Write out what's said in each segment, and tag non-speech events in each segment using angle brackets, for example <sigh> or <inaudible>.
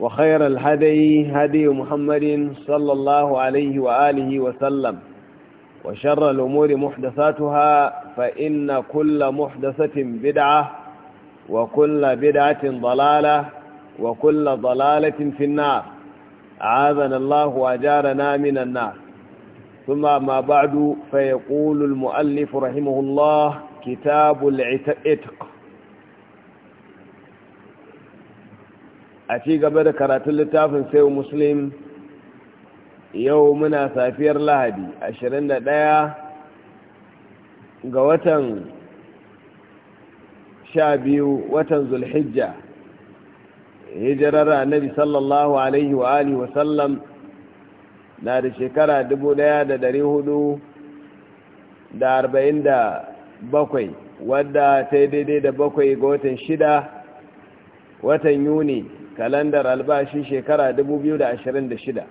وخير الهدي هدي محمد صلى الله عليه وآله وسلم وشر الأمور محدثاتها فإن كل محدثة بدعة وكل بدعة ضلالة وكل ضلالة في النار أعاذنا الله وأجارنا من النار ثم ما بعد فيقول المؤلف رحمه الله كتاب العتق a ci gaba da karatun littafin sayo muslim yau muna safiyar lahadi 21 ga watan 12 watan zulhijja hijirar annabi sallallahu alaihi wa alihi wasallam na da shekara 1447 wadda ta daidai da bakwai ga watan shida watan yuni kalandar albashi shekara 2026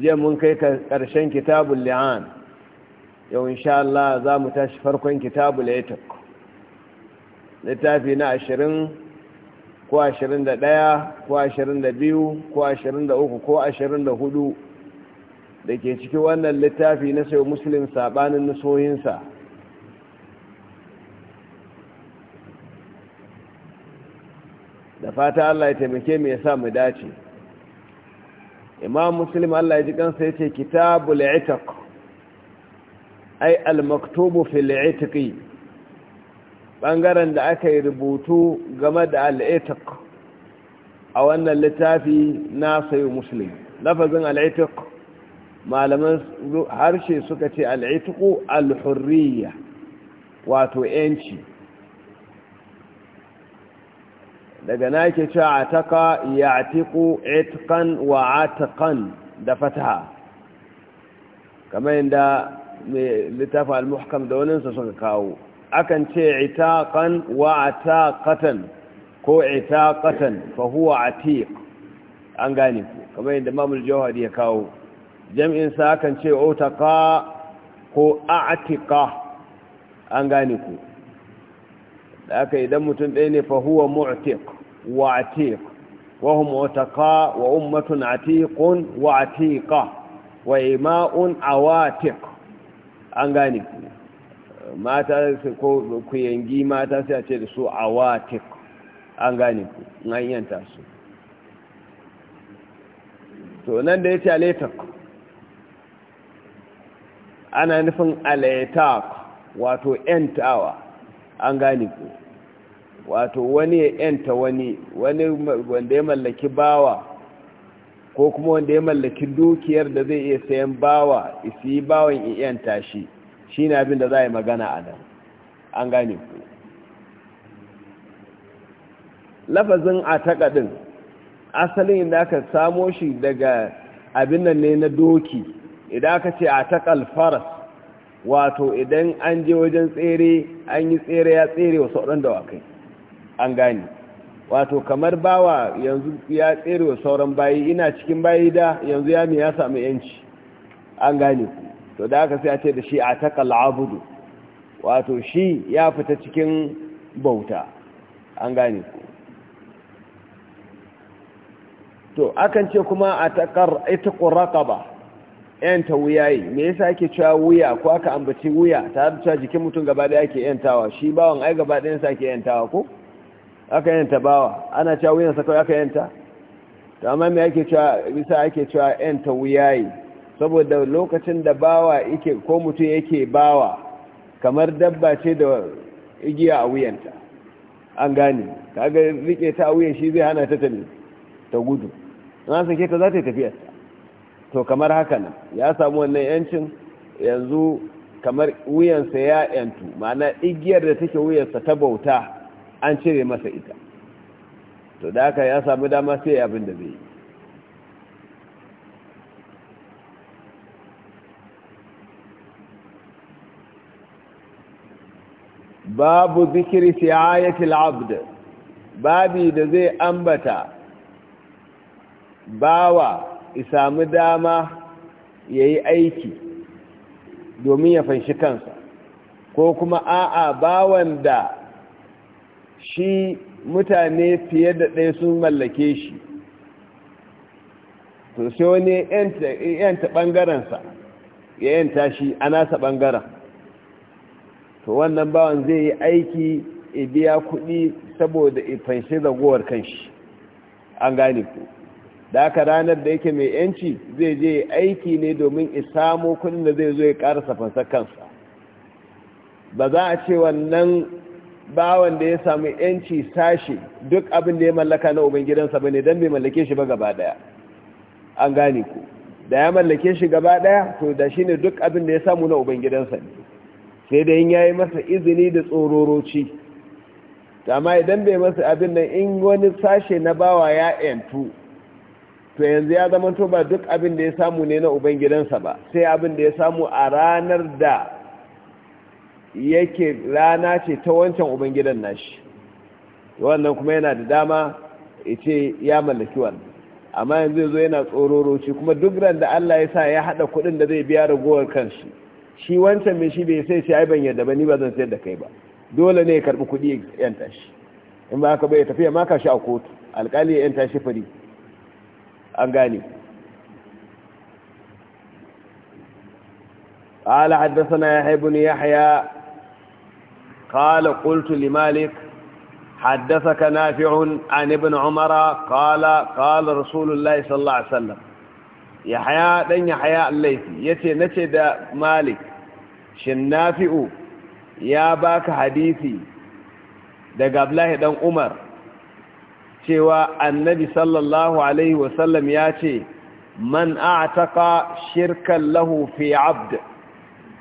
jiya mun kai karshen kitabun li'an yau insha Allah za mu tashi farkon kitabun laitak littafi na 20 ko 21 ko 22 ko 23 ko 24 da ke ciki wannan littafi na sayo musulun sabanin nasohinsa da fata Allah ya taimake mu ya sa mu dace imam muslim Allah ya ji kansa yace kitabul itaq ai al maktubu fil itqi bangaren da aka rubutu game da al itaq a wannan littafi na sayu muslim lafazin al itaq malaman harshe suka ce al itqu al hurriya wato yanci daga na yake cewa ataka atiku itqan wa atqan da fataha kamar inda littafin al-muhkam da wani suka kawo akan ce itaqan wa ataqatan ko itaqatan fa huwa atiq an gani ku kamar inda mamul jawhari ya kawo jam'in sa akan ce utaqa ko a'tiqa an gani ku aka idan mutum ɗaya ne fa huwa wa atik wa hum wa ummatun atikun wa atika wa ima'un awatiq an gane mata ko ku yangi mata sai a ce da su awatiq an gane ku an su to nan da ya ce alaitak ana nufin alaitak wato yantawa an gane ku wato wani ya yanta wani wani wanda ya mallaki bawa ko kuma wanda ya mallaki dukiyar da zai iya sayan bawa isi bawan yanta shi shi na abin da za a yi magana a nan an gane ku lafazin a takaɗin asalin inda aka samo shi daga abin nan ne na doki idan aka ce a takal faras wato idan an je wajen tsere an yi tsere ya tsere wasu waɗanda wa kai an gane wato kamar bawa yanzu ya tsere wa sauran bayi ina cikin bayi da yanzu ya mi ya samu yanci an gane to da aka sai a ce da shi a takal abudu wato shi ya fita cikin bauta an gane to akan ce kuma a takar ita ƙuraka ba yanta wuyayi me yasa ake cewa wuya ko aka ambaci wuya tare da jikin mutum gaba ɗaya ake yantawa shi bawan ai gaba ɗayansa ake yantawa ko aka yanta bawa ana cewa wuyan sa kawai aka yanta to amma me ake cewa bisa yake cewa yanta wuyayi saboda lokacin da bawa yake ko mutum yake bawa kamar dabba ce da igiya a wuyanta an gane kaga rike ta shi zai hana ta tafi ta gudu na sake ta za ta tafiya to kamar haka nan ya samu wannan yancin yanzu kamar wuyansa ya yantu ma'ana igiyar da take wuyansa ta bauta an cire masa ita to da aka ya samu dama sai abin da zai yi babu zikiri siyayatil abd babi da zai ambata bawa isamu dama ya yi aiki domin ya fanshi kansa ko kuma a'a bawan da shi mutane fiye da ɗaya sun mallake shi to sai wani yanta ɓangarensa ya yanta shi a nasa ɓangaren to wannan bawan zai yi aiki ya biya kuɗi saboda ifanshi ragowar kanshi an gane ku da aka ranar da yake mai yanci zai je aiki ne domin isamo kudin da zai zo ya ƙarasa fansar kansa ba za a ce wannan bawan da ya samu yanci sashi duk abin da ya mallaka na ubangidansa bane don bai mallake shi ba gaba daya an gane ku da ya mallake shi gaba daya to da shi ne duk abin da ya samu na ubangidansa ne sai da yin ya yi masa izini da tsororoci amma idan bai masa abin nan in wani sashe na bawa ya yantu to yanzu ya zama to ba duk abin da ya samu ne na ubangidansa ba sai abin da ya samu a ranar da yake rana ce ta wancan ubangidan nashi wannan kuma yana da dama ya ya mallaki wannan amma yanzu zo yana tsororoci kuma duk ran da Allah ya sa ya hada kuɗin da zai biya ragowar kanshi shi wancan mai shi bai sai ce ai ban yadda ba ni ba zan sayar da kai ba dole ne ya karbi kuɗi ya tashi. in ba haka bai ya tafiya maka shi a kotu alƙali ya tashi fari an gane قال حدثنا يحيى بن يحيى قال قلت لمالك حدثك نافع عن ابن عمر قال قال رسول الله صلى الله عليه وسلم يحيى دن يحيى الليثي يتي نتي دا مالك shin nafi'u ya baka hadisi daga Abdullahi ɗan Umar cewa annabi sallallahu alaihi wasallam ya ce man a'taqa shirkan lahu fi 'abd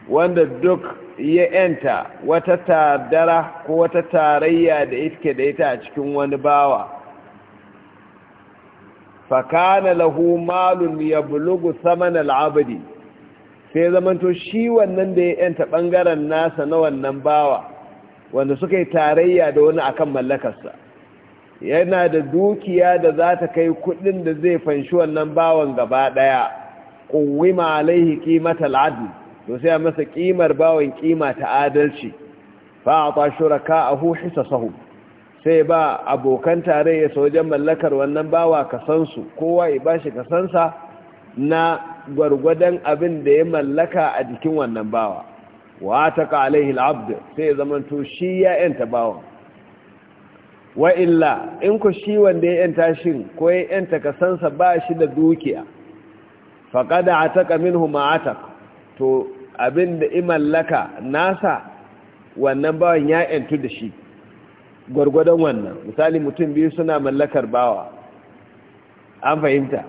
wanda duk ya yanta wata tadara ko wata tarayya da iske da ita a cikin wani bawa fakana lahu malun ya bulugu saman al'abadi sai zamanto shi wannan da ya yanta ɓangaren nasa na wannan bawa wanda suka yi tarayya da wani akan mallakarsa yana da dukiya da za ta kai kudin da zai fanshi wannan bawan gaba daya Ƙuwima alaihi ƙimata al'adu to sai a masa kimar bawan kima ta adalci fa a a shuraka'ahu sahu. sai ba abokan tare ya wajen mallakar wannan bawa kasansu kowa ya bashi kasansa na gwargwadon abin da ya mallaka a jikin wannan bawa wa ta alaihi sai ya to shi ya yanta bawan wa illa in ku shi wanda ya yanta shin ko ya yanta kasansa ba shi da dukiya Faƙada taƙa minhu hu to abin da imallaka nasa wannan bawan ya yantu da shi gwargwadon wannan misali mutum biyu suna mallakar bawa an fahimta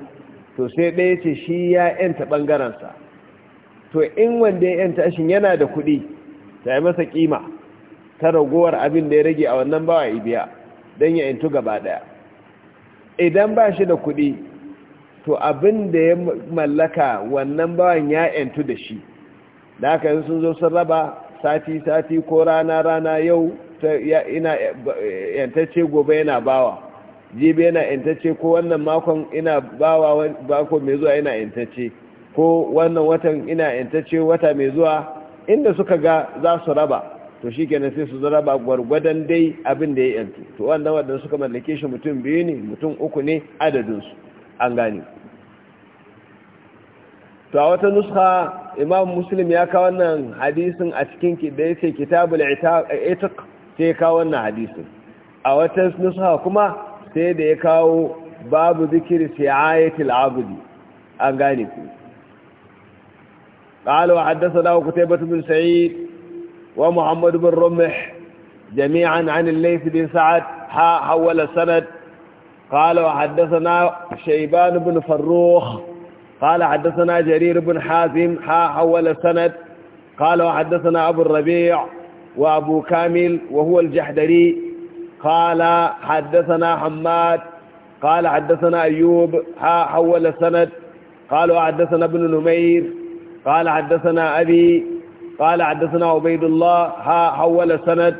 to sai ɗaya ce shi ya yanta ɓangarensa to in wanda ya yanta shi yana da kuɗi ta yi masa ƙima ta ragowar abin da ya rage a wannan bawa ibiya don ya yantu gaba ɗaya idan ba shi da kuɗi to abin da ya mallaka wannan bawan ya yantu da shi da aka yi sun zo sun raba sati-sati ko rana-rana yau ina eh, eh, yantacce gobe yana bawa jibi yana yantacce ko wannan makon ina bawa bako mai zuwa ina yantacce ko wannan watan ina yantacce wata mai zuwa inda suka ga za su raba to shi kenan sai su zaraba gwargwadon dai abin da ya yantu to wannan wadanda suka mallake shi mutum biyu ne mutum uku ne adadinsu an gane to a wata nuska imam muslim ya kawo wannan hadisin a cikin da ya ce kitabul itiq sai ya kawo wannan hadisin a wata nuska kuma sai da ya kawo babu zikir si'ayatil abudi an gane ku قال وحدثنا قتيبة بن سعيد ومحمد بن رمح جميعا عن الليث بن سعد حول السند قال وحدثنا شيبان بن فروخ قال حدثنا جرير بن حازم حا حول السند قال وحدثنا أبو الربيع وأبو كامل وهو الجحدري قال حدثنا حماد قال حدثنا أيوب حا حول السند قال وحدثنا ابن نمير قال حدثنا أبي قال حدثنا عبيد الله حا حول السند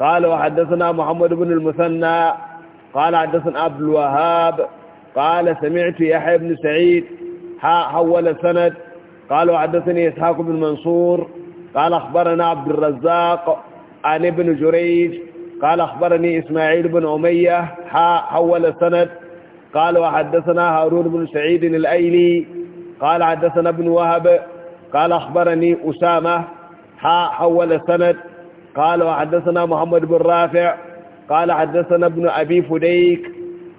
قال وحدثنا محمد بن المثنى قال حدثنا عبد الوهاب قال سمعت يحيى بن سعيد ها حول سند قال وحدثني إسحاق بن منصور قال أخبرنا عبد الرزاق عن ابن جريج قال أخبرني إسماعيل بن أمية ها حول سند قال وحدثنا هارون بن سعيد الأيلي قال حدثنا ابن وهب قال أخبرني أسامة ها حول سند قال وحدثنا محمد بن رافع قال حدثنا ابن أبي فديك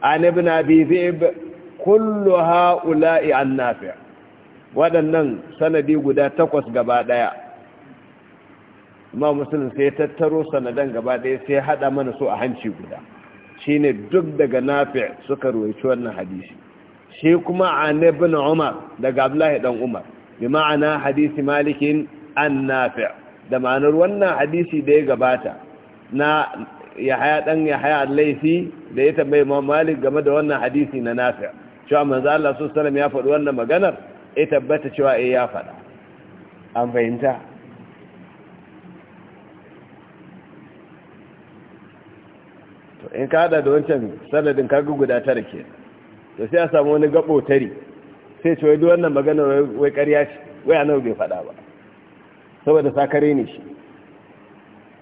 عن ابن أبي ذئب كل هؤلاء waɗannan sanadi guda takwas gaba ɗaya ma musulun sai tattaro sanadan gaba ɗaya sai haɗa mana su a hanci guda shi duk daga nafi suka ruwaici wannan hadisi shi kuma a umar daga abdullahi ɗan umar bi ma'ana hadisi malikin an nafi da ma'anar wannan hadisi da ya gabata na yahaya dan yahaya al-laisi da ya tambaye ma malik game da wannan hadisi na nafi cewa manzo Allah sallallahu alaihi wasallam ya faɗi wannan maganar ya tabbata cewa eh ya faɗa an fahimta to in ka da wancan sanadin kaga guda tara ke to sai a samu wani gabo tari sai ce wai duk wannan maganar wai ƙarya ce wai anau bai faɗa ba saboda sakare ne shi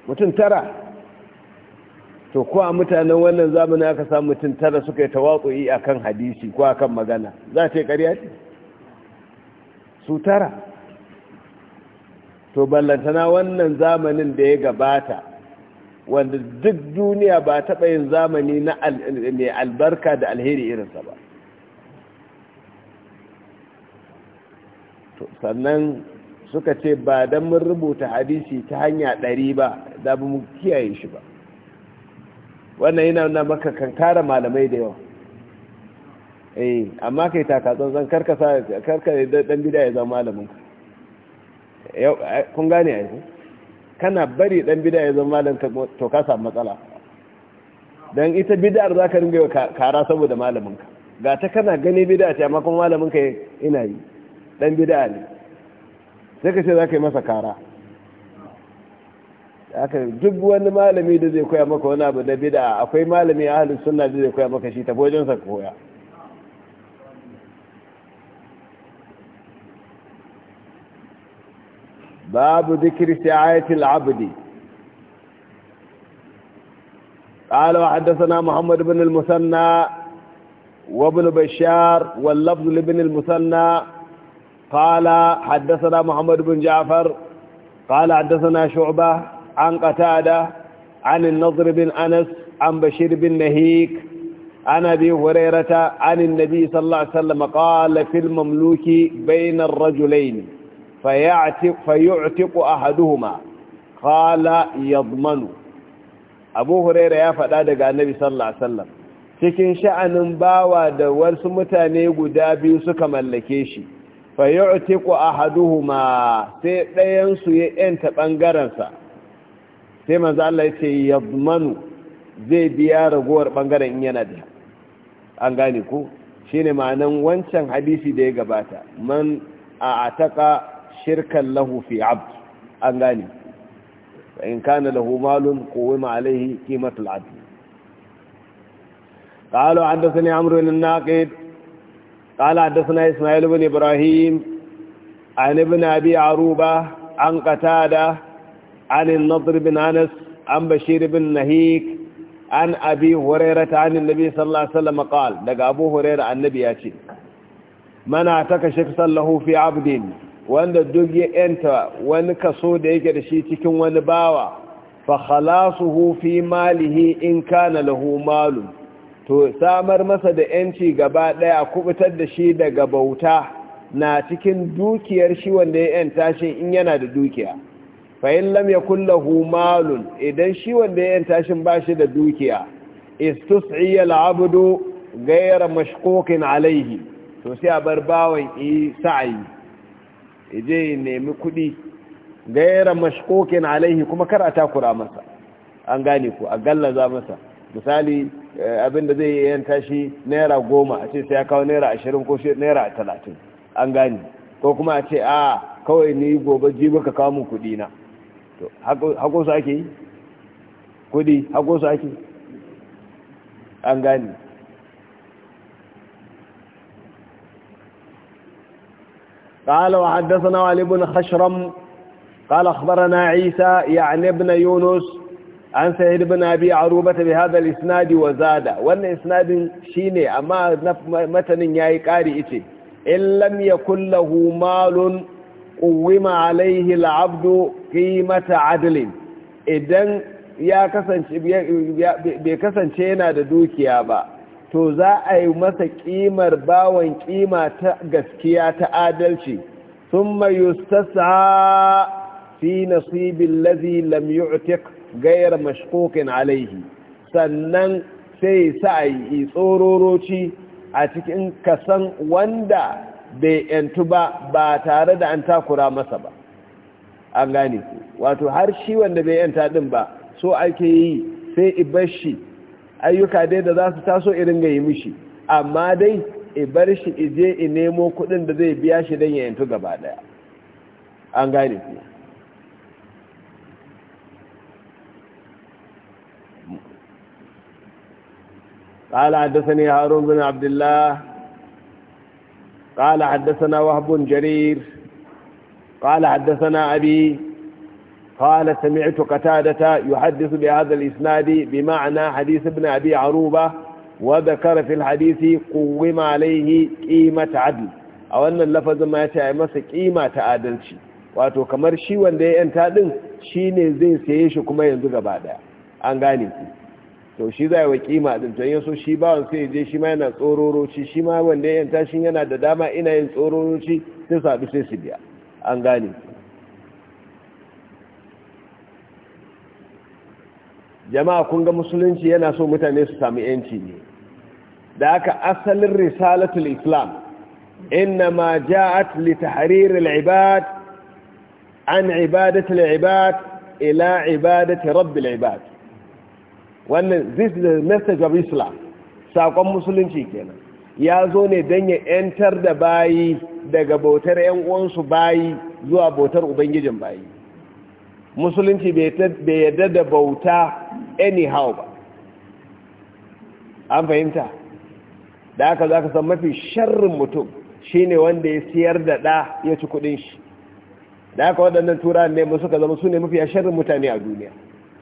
mutum tara to ko mutanen wannan zamanin aka samu mutum tara suka yi a akan hadisi ko akan magana za ce ƙarya ce su tara to ballantana wannan zamanin da ya gabata wanda duk duniya ba taɓa yin zamani na mai albarka da alheri irinsa ba sannan suka ce ba don mun rubuta hadisi ta hanya ɗari ba da ba mu kiyaye shi ba wannan yana nuna maka kan malamai da yawa eh amma kai takatsan zan sa karka dan bid'a ya zama malamin eh, kun gane ai kana bari dan bid'a ya zama malamin to ka samu matsala dan ita bid'ar zaka ringa kara saboda malamin ka ga ta kana gani bid'a ce amma kuma malamin ka ina yi dan bid'a ne sai ka ce zaka yi masa kara duk wani malami da zai koya maka wani abu da bid'a akwai malami halin sunna da zai koya maka shi ta bojin sa koya babu dhikri sa'ati al-'abdi قال وحدثنا محمد بن المثنى وابن بشار واللفظ لابن المثنى قال حدثنا محمد بن جعفر قال حدثنا شعبه عن قتادة عن النظر بن أنس عن بشير بن نهيك عن أبي هريرة عن النبي صلى الله عليه وسلم قال في المملوك بين الرجلين فيعتق, فيعتق أحدهما قال يضمن أبو هريرة يا فدادة عن النبي صلى الله عليه وسلم cikin sha'anin bawa da wasu mutane guda biyu suka mallake shi fa yu'tiqu ahaduhuma sai ɗayan su ya yanta bangaransa sai manzo Allah ya ce yadmanu zai biya ragowar bangaren in yana da an gane ko shine ma'anan wancan hadisi da ya gabata man a'ataka shirkan lahu fi abd an gane in kana lahu malun qawima alayhi qimatul abd قالوا حدثني عمرو بن الناقد قال حدثنا إسماعيل بن إبراهيم عن ابن أبي Aruba, عن قتادة عن النضر بن أنس عن بشير بن نهيك عن أبي هريرة عن النبي صلى الله عليه وسلم قال لقى أبو هريرة عن النبي ياتي من أعتك شخصا له في عبد وأن الدنيا أنت وأن كصود يجد شيتك وأن باوى فخلاصه في ماله إن كان له مال to samar masa da yanci gaba daya kubutar da shi daga bauta na cikin dukiyar shi wanda ya yanta shi in yana da dukiya fa'in lam ya kullahu malun idan shi wanda ya tashin ba shi da dukiya istus'iya al'abdu ghayra mashquqin alayhi to sai a bar bawan i sa'i ije nemi kudi ghayra mashquqin alayhi kuma kar a takura masa an gane ku a gallaza masa misali eh, abinda zai yi yan tashi naira goma a ce sai ya kawo naira ashirin ko naira talatin an gane ko kuma a ce a kawai ni gobe jibi ka kawo mu kudi na to hako su ake yi kudi hako su ake an gani قال وحدثنا علي بن خشرم قال أخبرنا عيسى يعني ابن يونس عن سعيد بن أبي عروبة بهذا الإسناد وزاد وأن إسناد شيني أما متن ياي قارئتي إن لم يكن له مال Kuwima alaihi al'abdu kimata adlin idan ya kasance bai kasance yana da dukiya ba to za a yi masa ƙimar bawon ƙima ta gaskiya ta adalci sun yustasa fi nasibin lazi lam gayar mashkokin alaihi sannan sai sa a yi tsororoci a cikin kasan wanda bai yantu ba ba tare da an takura masa ba an gane wato har shi wanda bai yanta din ba so ake yi sai ibashi ayyuka dai da za su taso irin ga yi mishi amma dai ibarshi ije i nemo kudin da zai biya shi don ya yantu gaba daya an gane قال حدثني هارون بن عبد الله قال حدثنا وهب جرير قال حدثنا أبي قال سمعت قتادة يحدث بهذا الإسناد بمعنى حديث ابن أبي عروبة وذكر في الحديث قوم عليه قيمة عدل أو أن اللفظ ما يتعي مسا قيمة عدل wato واتو كمرشي وان دي yanta شيني زين سيشو كما ينزغ بعدها انغاني to shi za wa kima din to so shi bawan sai je shi ma yana tsororoci shi ma wanda ya yanta shi yana da dama ina yin tsororoci sai sabu sai su biya an gane jama'a kun ga musulunci yana so mutane su sami yanci ne da aka asalin risalatul islam inna ma ja'at li tahrir al-ibad an ibadati al-ibad ila ibadati rabbil ibad wannan this is the message of islam sakon musulunci kenan ya zo ne don ya 'yantar da bayi daga bautar 'yan uwansu bayi zuwa bautar ubangijin bayi musulunci bai yadda da bauta anyhow ba an fahimta da aka za ka san mafi sharrin mutum shine wanda ya siyar da ɗa ya ci kudin shi da aka waɗannan turan ne suka zama su ne mafi sharrin mutane a duniya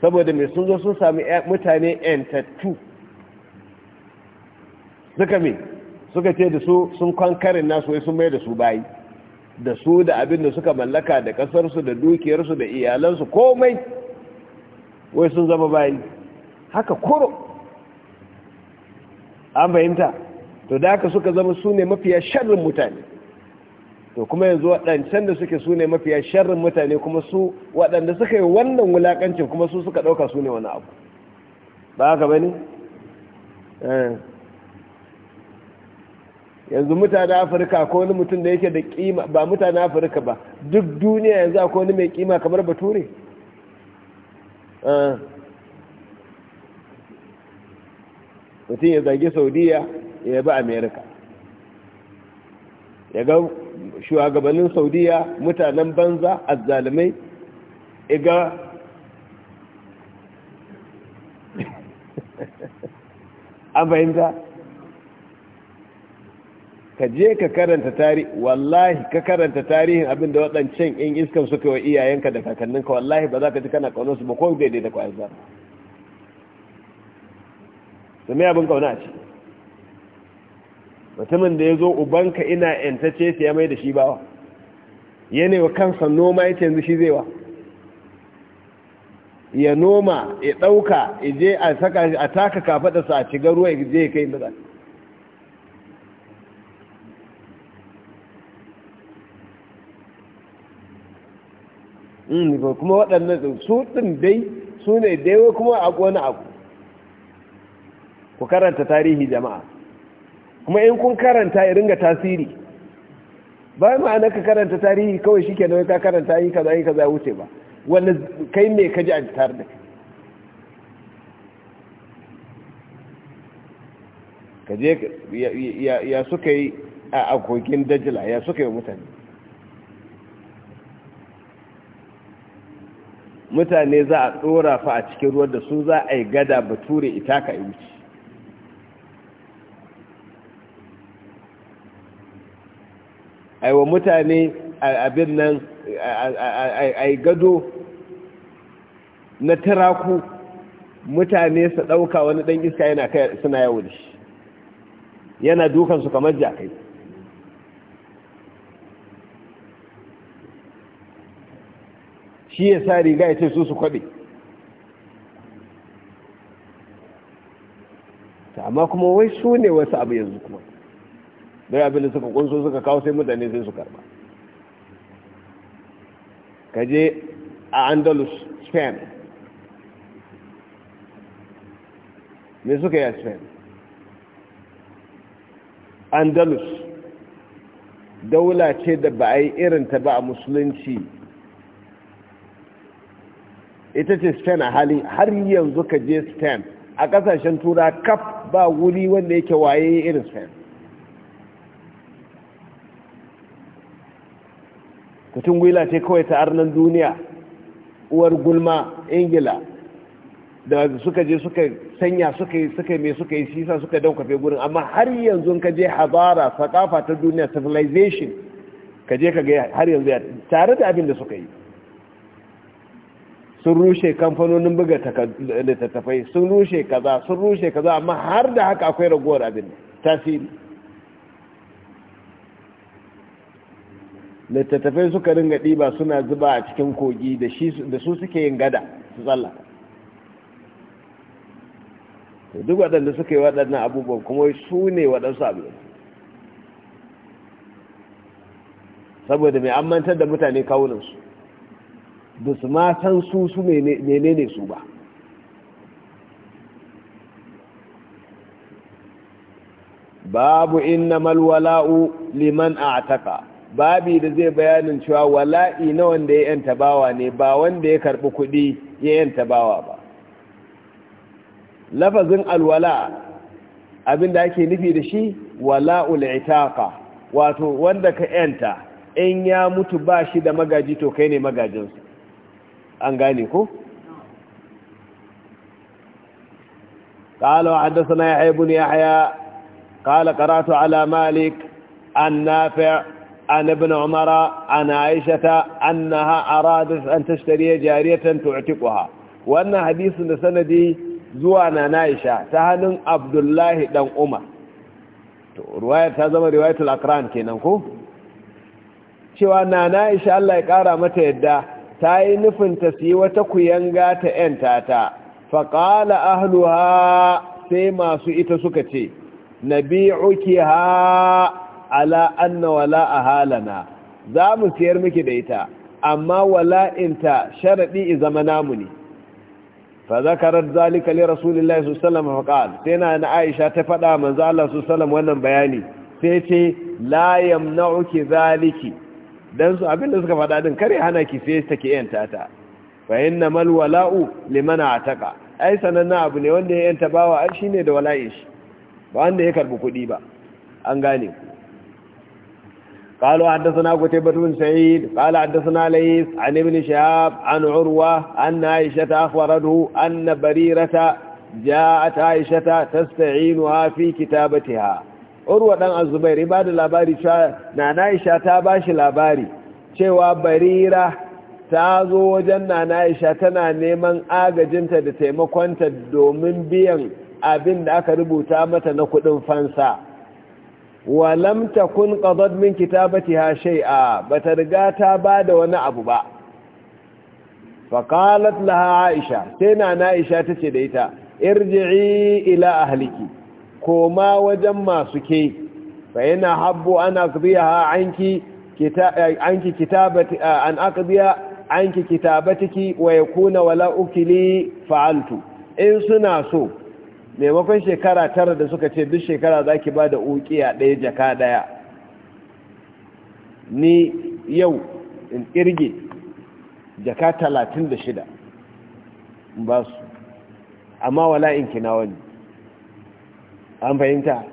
saboda mai sun zo sun sami mutane yantattu suka mai suka ce da su sun kwankarin nasu wai sun mai da su bayi da su da abin da suka mallaka da kasarsu da dukiyarsu da iyalansu komai wai sun zama bayi haka kuro an fahimta to da haka suka zama su ne mafiya sharrin mutane to kuma yanzu waɗancan da suke su ne mafiya sharrin mutane kuma su waɗanda suka yi wannan wulaƙancin kuma su suka ɗauka su ne wani abu ba haka ba ne? Eh. yanzu mutane afirka ko wani mutum da yake da kima ba mutane afirka ba duk duniya yanzu akwai wani mai kima kamar bature eh. mutum ya zage saudiya ya yaba amerika ya ga shugabannin saudiya mutanen banza Az-Zalimai, iga <laughs> an fahimta ka je ka karanta tarihi wallahi ka karanta tarihin abinda waɗancan yan iskan suka wa iyayenka da kakanninka wallahi ba za ka ji kana kaunar su ba ko daidai da kwayar zara su mai abin kauna a ciki mutumin da ya zo ubanka ina yantace su ya mai da shi bawa ya wa kansa noma ya yanzu shi zai wa ya noma ya ɗauka ya je a saka a taka su a cigar ruwa ya je kai inda mm, kuma waɗannan su ɗin dai su ne daiwa kuma a wani abu ku karanta tarihi jama'a kuma in kun karanta irin ringa tasiri ba ma'ana ka karanta tarihi kawai shi kenan ka karanta yi kaza yi kaza wuce ba wanda kai ne ka ji a da ka je ya suka yi a agogin dajila ya suka yi mutane mutane za a tsorafa a cikin ruwan da su za a yi gada bature ka yi wuce ai wa mutane abin nan ai gado na taraku, mutane su ɗauka wani dan iska yana kai suna yawo da shi yana dukansu kamar jakai shi ya sa riga ya ce su su kwaɓe amma kuma wai su ne wasu abu yanzu kuma dai abin da suka kunso suka kawo sai mutane sai su karba kaje a andalus spain me suka yi a spain andalus daula ce da ba a yi irin ta ba a musulunci ita ce spain a hali har yanzu ka je spain a kasashen tura kaf ba wuri wanda yake waye irin spain mutum gwila ce kawai ta arnan duniya uwar gulma ingila da suka je suka sanya suka yi suka mai suka yi sisa suka daukafe gurin amma har yanzu ka je habara sakafa ta duniya civilization ka je ka ga har yanzu tare da abin da suka yi sun rushe kamfanonin buga littattafai sun rushe kaza sun rushe kaza amma har da haka akwai raguwar abin tasiri littattafai suka ringa ɗiba suna zuba a cikin kogi da su suke yin gada su tsallaka to duk waɗanda suka yi waɗannan abubuwan kuma su ne waɗansu abu saboda mai ammantar da mutane kawuninsu da su ma san su su menene su ba babu inna malwala'u liman a babi da zai bayanin cewa wala'i na wanda ya yanta bawa ne ba wanda ya karbi kuɗi ya yanta bawa ba lafazin alwala abinda ake nufi da shi wala'ul itaqa wato wanda ka yanta in ya mutu ba shi da magaji to kai ne magajinsu an gane ko قال وحدثنا يحيى بن يحيى قال قرأت على مالك عن عن ابن عمر عن عائشة أنها أرادت أن تشتري جارية تعتقها وأن حديث سندي زوانا نائشة تهل عبد الله دم عمر رواية هذا ما رواية الأقران كينانكو cewa nana isha Allah ya kara mata yadda ta yi nufin ta siyi wata kuyanga ta ‘yanta ta ala anna wala ahalana za mu siyar miki da ita amma wala'inta sharadi zama namu ne fa zakarar zalika li rasulillahi sallallahu alaihi wasallam sai na na Aisha ta faɗa manzo Allah sallallahu wannan bayani sai ce la yamna'uki zaliki dan su abinda suka fada din kare hana ki sai take yanta ta fa inna mal wala'u liman ataka ai sananna abu ne wanda ya yanta bawa shine da wala'in shi ba wanda ya karbi kuɗi ba an gane قالوا حدثنا قتيبة بن سعيد قال حدثنا ليس عن ابن شهاب عن عروة أن عائشة أخبرته أن بريرة جاءت عائشة تستعينها في كتابتها عروة بن الزبير بعد الأباري نعنى عائشة تاباش الأباري شوى بريرة تازو wajen nana Aisha tana neman agajinta da taimakonta domin biyan abin da aka rubuta mata na kudin wa lam takun qadad min kitabatiha shay'a bata riga ta bada wani abu ba fa qalat laha aisha sai na aisha tace da ita irji'i ila ahliki koma wajen masu ke fa yana habbu an aqdiha anki anki kitabati an aqdiya anki kitabatiki wa yakuna wala ukili fa'altu in suna so maimakon shekara tara da suka ce duk shekara za ki ba da ukiya ɗaya jaka ɗaya ni yau in ƙirge jaka talatin da shida in ba su amma wala in kina wani an fahimta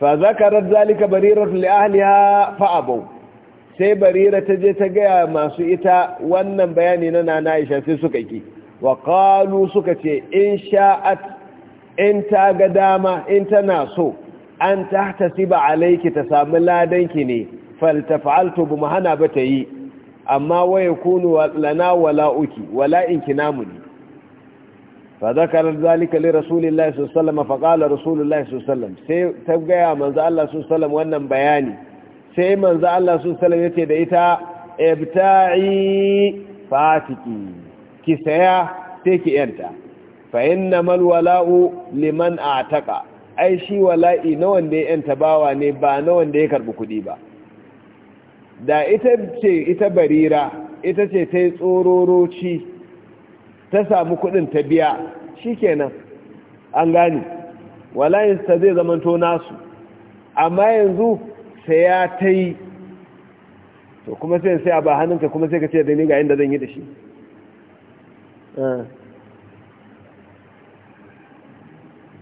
fa za ka zakarar zalika barirar li'ahliya fa'abau sai barira ta je ta gaya masu ita wannan bayani na nana aisha sai suka ki wa kalu suka ce in sha'at in ta ga dama in tana so an ba alaiki ta sami ladanki ne faltafa'altu bu mahana ba ta yi amma waye kunu lana wala uki, wala'uki wala'inki namu ne fa zakar zalika li rasulillahi sallallahu alaihi wasallam rasulullahi sallallahu sai ta gaya manzo Allah sallallahu wannan bayani sai manzo Allah sallallahu yace da ita ibta'i fatiki ki saya sai ki yanta fa inna mal wala'u liman a'taqa ai shi wala'i na wanda ya yanta bawa ne ba na wanda ya karbi kudi ba da ita ce ita barira ita ce ta yi tsororoci ta samu kudin ta biya shikenan an gani sa zai zamanto nasu amma yanzu saya ta yi to kuma sai sai a ba hannunka kuma sai ka ce da ni ga inda zan yi da shi Eh.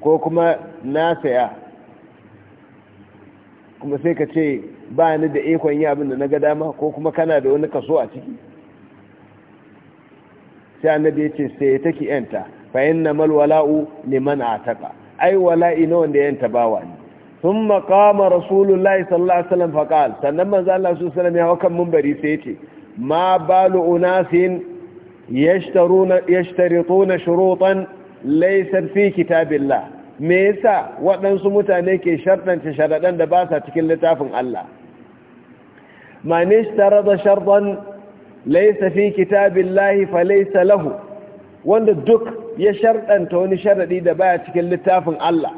ko kuma na saya kuma sai ka ce ba ni da ikon yi abin da na ga dama ko kuma kana da wani kaso a ciki sai annabi ya ce sai ya take yanta fa inna mal wala'u liman ataqa ai wala'i ne wanda yanta ba wa ne thumma qama rasulullahi sallallahu alaihi wasallam fa qala sannan manzo Allah sallallahu alaihi wasallam ya hawa kan munbari sai ya ce ma balu unasin yashtarituna shurutan laysat fi kitabillah me yasa waɗansu mutane ke sharɗanta sharaɗan da ba sa cikin littafin Allah man ishtarada sharɗan laysa fi fa falaysa lahu wanda duk ya sharɗanta wani sharaɗi da baya cikin littafin Allah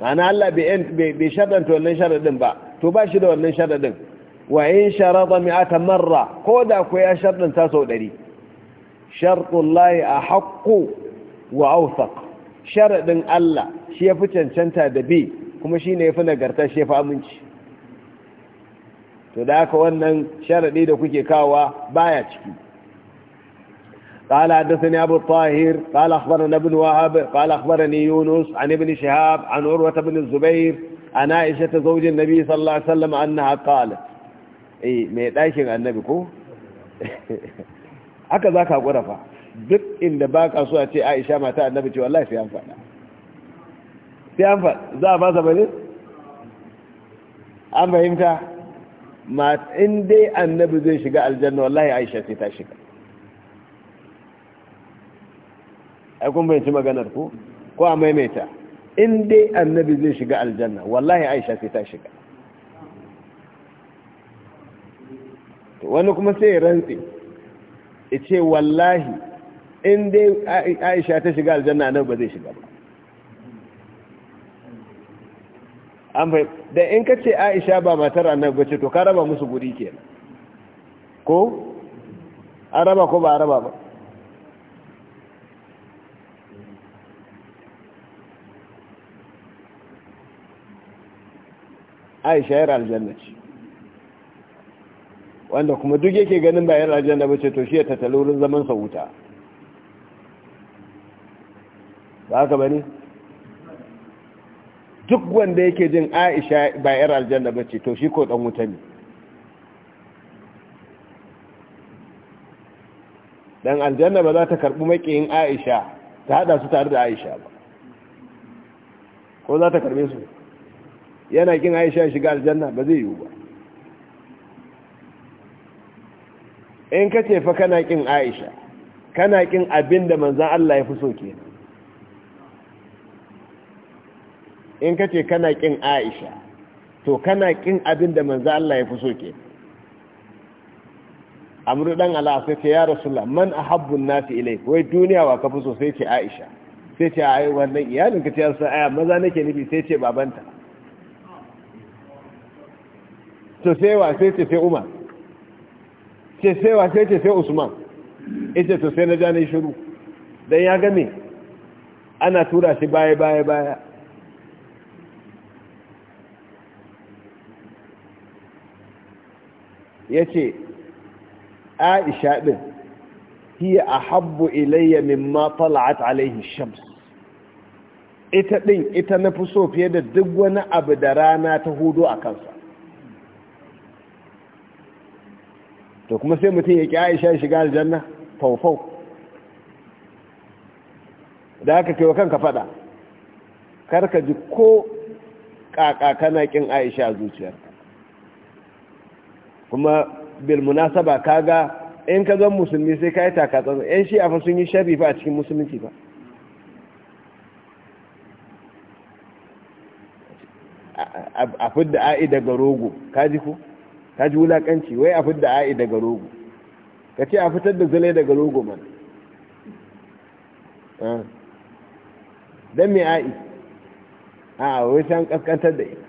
ma'ana Allah bai sharɗanta wannan sharaɗin ba to ba shi da wannan sharaɗin wa in sharada mi'ata marra ko da ko ya sharɗanta sau ɗari sharɗullahi a haƙƙo wa ausaq sharaɗin Allah shi ya fi cancanta da bi kuma shi ne ya fi nagarta shi ya fi aminci to da aka wannan sharaɗi da kuke kawa baya ciki قال حدثني أبو الطاهر قال أخبرنا ابن وهب قال أخبرني يونس عن ابن شهاب عن عروة بن الزبير عن عائشة زوج النبي صلى الله عليه وسلم أنها قالت إيه عن النبي كو haka za ka haƙura fa duk inda ba ka so a ce aisha mata annabi ce wallahi sai faɗa sai an faɗa za a ba sa bane an fahimta in dai annabi zai shiga aljanna wallahi aisha sai ta shiga ai kun bayanci maganar ku ko a maimaita in dai annabi zai shiga aljanna wallahi aisha sai ta shiga wani kuma sai ya rantse ce wallahi in dai aisha ta shiga aljanna nan ba zai shiga ba an fai da in ka ce aisha ba matar annabi ba ce to ka raba musu guri kenan ko an raba ko ba a raba ba aisha yar aljanna ce wanda kuma duk yake ganin bayan aljanna ba ce to shi ya tattali wurin zaman sa wuta ba haka ba ne duk wanda yake jin aisha bayan yar aljanna ba ce to shi ko dan wuta ne dan aljanna ba za ta karbi makiyin aisha ta hada su tare da aisha ba ko za ta karbe su yana kin aisha shiga aljanna ba zai yiwu ba in ka ce fa kana kin aisha kana kin abin da manzan Allah ya fi so ke in ka ce kana kin aisha to kana kin abin da manzan Allah ya fi so ke amru dan ala sai ce ya rasulullah man ahabbu nasi ilai wai duniya wa ka fi so sai ce aisha sai ce ai wannan iyalin ka ce yarsa aya maza nake nufi sai ce babanta to sai wa sai ce sai umar ce sai wa sai ce sai usman ita to sai na ja ne shiru don ya gane ana tura shi baya baya baya ya ce aisha ɗin hiya a habbu ilayya mimma tala'at alaihi shams ita ɗin ita na fi so fiye da duk wani abu da rana ta hudu a kansa to kuma sai mutum ya ƙi aisha shiga aljanna faufau da aka kewa wa kanka fada karka ji ko kakakana kin aisha zuciyar kuma bil ka kaga in ka zan musulmi sai ka yi takatsar yan shi a sun yi sharri fa a cikin musulunci ba a fidda a'i daga rogo kaji ku? ka ji wulakanci wai a fidda a'i daga rogo ka ce a fitar da zale daga rogo man ah. don mai a'i a wai san kaskantar da ita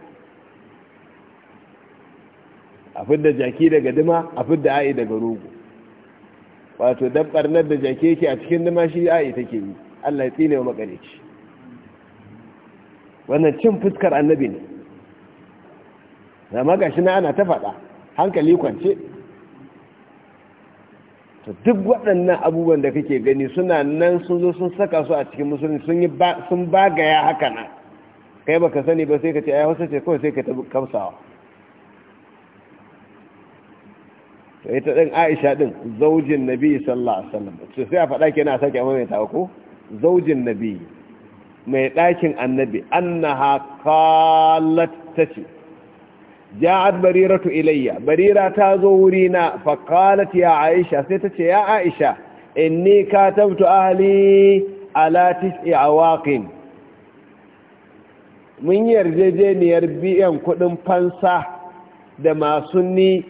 a fidda jaki daga dima a fidda a'i daga rogo wato dabbar nan da jaki yake a cikin dima shi a'i take yi allah ya tsine wa makareci wannan cin fuskar annabi ne zama shi na ana ta faɗa hankali kwance to duk waɗannan abubuwan da kake gani suna nan sun zo sun saka su a cikin musulmi sun yi sun bagaya haka nan kai baka sani ba sai ka ce ai wasu ce kawai sai ka tabi kamsawa to ita din Aisha din zaujin Nabi sallallahu alaihi wasallam to sai a faɗa kenan a sake mai ko zaujin Nabi mai ɗakin annabi annaha qalat tace ja'at bariratu ilayya barira ta zo wurina na qalat ya aisha sai ta ce ya aisha inni katabtu ahli ala tis'i awaqin mun yarjejeniyar biyan kudin fansa da masu ni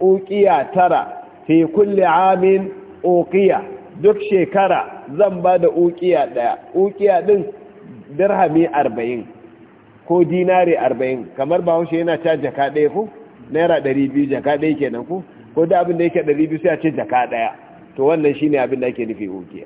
uqiya tara fi kulli amin uqiya duk shekara zan ba da uqiya daya uqiya din dirhami arba'in ko dinare arba'in kamar bahaushe yana ca jaka ɗaya ku? naira ɗari biyu jaka ɗaya nan ku? ko da abin da yake ɗari biyu sai a ce jaka ɗaya to wannan shine abin da ake nufi ukiya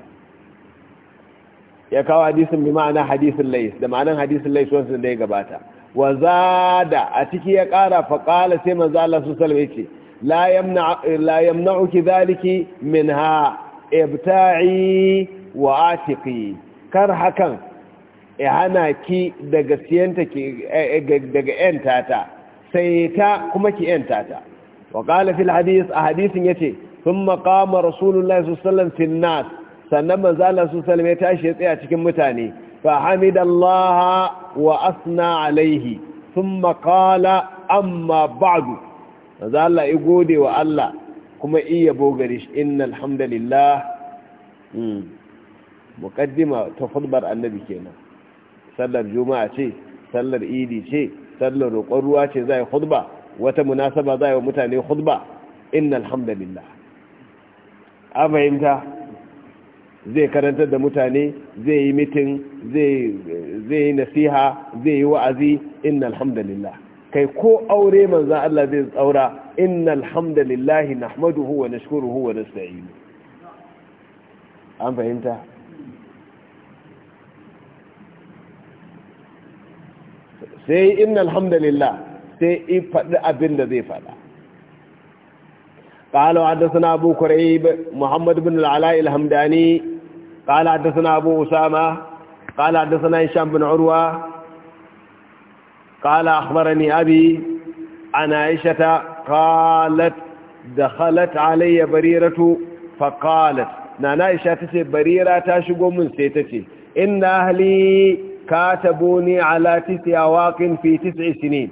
ya kawo hadisin bi ma'ana hadisin lais da ma'anan hadisin lais wasu da ya gabata wa da a ciki ya kara faƙala sai manzo Allah su sallame yace la yamna la zaliki zaliki ha ibta'i wa atiqi kar hakan hana ki daga siyanta eh, eh, daga ‘yanta ta sai ta kuma ki ‘yanta ta wa ƙala fil hadis a ya ce sun maƙama rasulullah su sallam sannan manzana su sallam ya tashi ya tsaya cikin mutane fa hamidallaha wa asna alaihi sun maƙala amma ba'du manzana ya gode wa Allah kuma iya bogare shi inna alhamdulillah hmm. muƙaddima ta annabi kenan sallar juma'a ce sallar idi ce sallar roƙon ruwa ce za a yi khutba wata munasaba za a yi wa mutane khutba inna alhamdulillah a fahimta zai karantar da mutane zai yi mitin zai yi nasiha zai yi wa'azi inna alhamdulillah kai ko aure manza Allah zai tsaura inna alhamdulillah na wa nashkuruhu wa nasta'inu an fahimta sai yi inna alhamdulillah sai yi faɗi abin da zai faɗa ƙalo a dasa na abu kurai muhammadu bin al'ala ilhamdani ƙala a dasa na abu usama ƙala a dasa na isha bin urwa ƙala a kwara ni abi ana isha ta ƙalat da halat alayya bariratu fa ƙalat na na isha ta ce barira ta shigo min sai ta ce inna halittu katabuni ala tisi awaqin fi tis'i sinin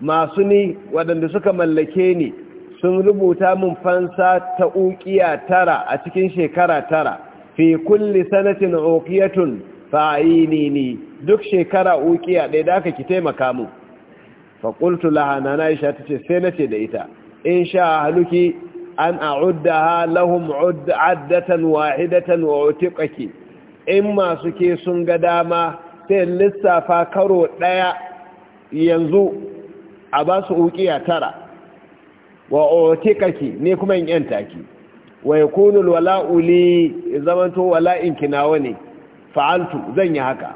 masu ni waɗanda suka mallake ni sun rubuta mun fansa ta ukiya tara a cikin shekara tara fi kulli sanatin uqiyatun fa'ini ni duk shekara ukiya ɗaya da aka ki taimaka mu fa qultu laha nana aisha tace sai nace da ita in sha haluki an a'uddaha lahum 'addatan wahidatan wa utiqaki in masu ke sun ga dama sai lissafa karo ɗaya yanzu a ba su ukiya tara wa kake ne kuma in yanta ki wa ya kunul wala'u li zamanto wala'in ne fa'altu zan yi haka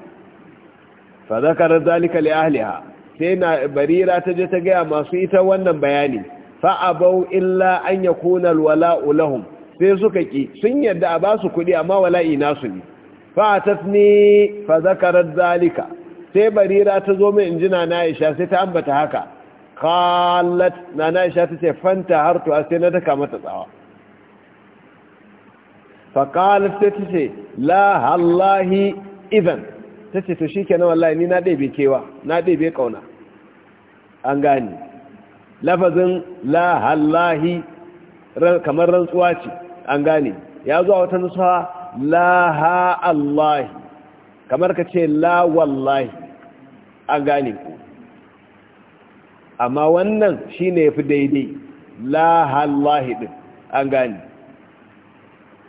fa zakarar zalika li ahliha sai na barira ta je ta gaya masu ita wannan bayani Fa'a, illa an ya kunul lahum sai suka ki sun yadda a ba su kuɗi amma wala'i nasu ne fatatni fa zakarat zalika sai barira ta zo mai injina na Aisha sai ta ambata haka qalat na na Aisha ta ce fanta hartu sai na daka mata tsawa fa qalat ta ce la hallahi idan ta ce to shikenan wallahi ni na ɗebe kewa na ɗebe kauna an gani lafazin la hallahi kamar rantsuwa ce an gane ya zuwa wata nusawa la ha Allah kamar ka ce la wallahi an gane ku amma wannan shine yafi daidai la ha Allah din an gane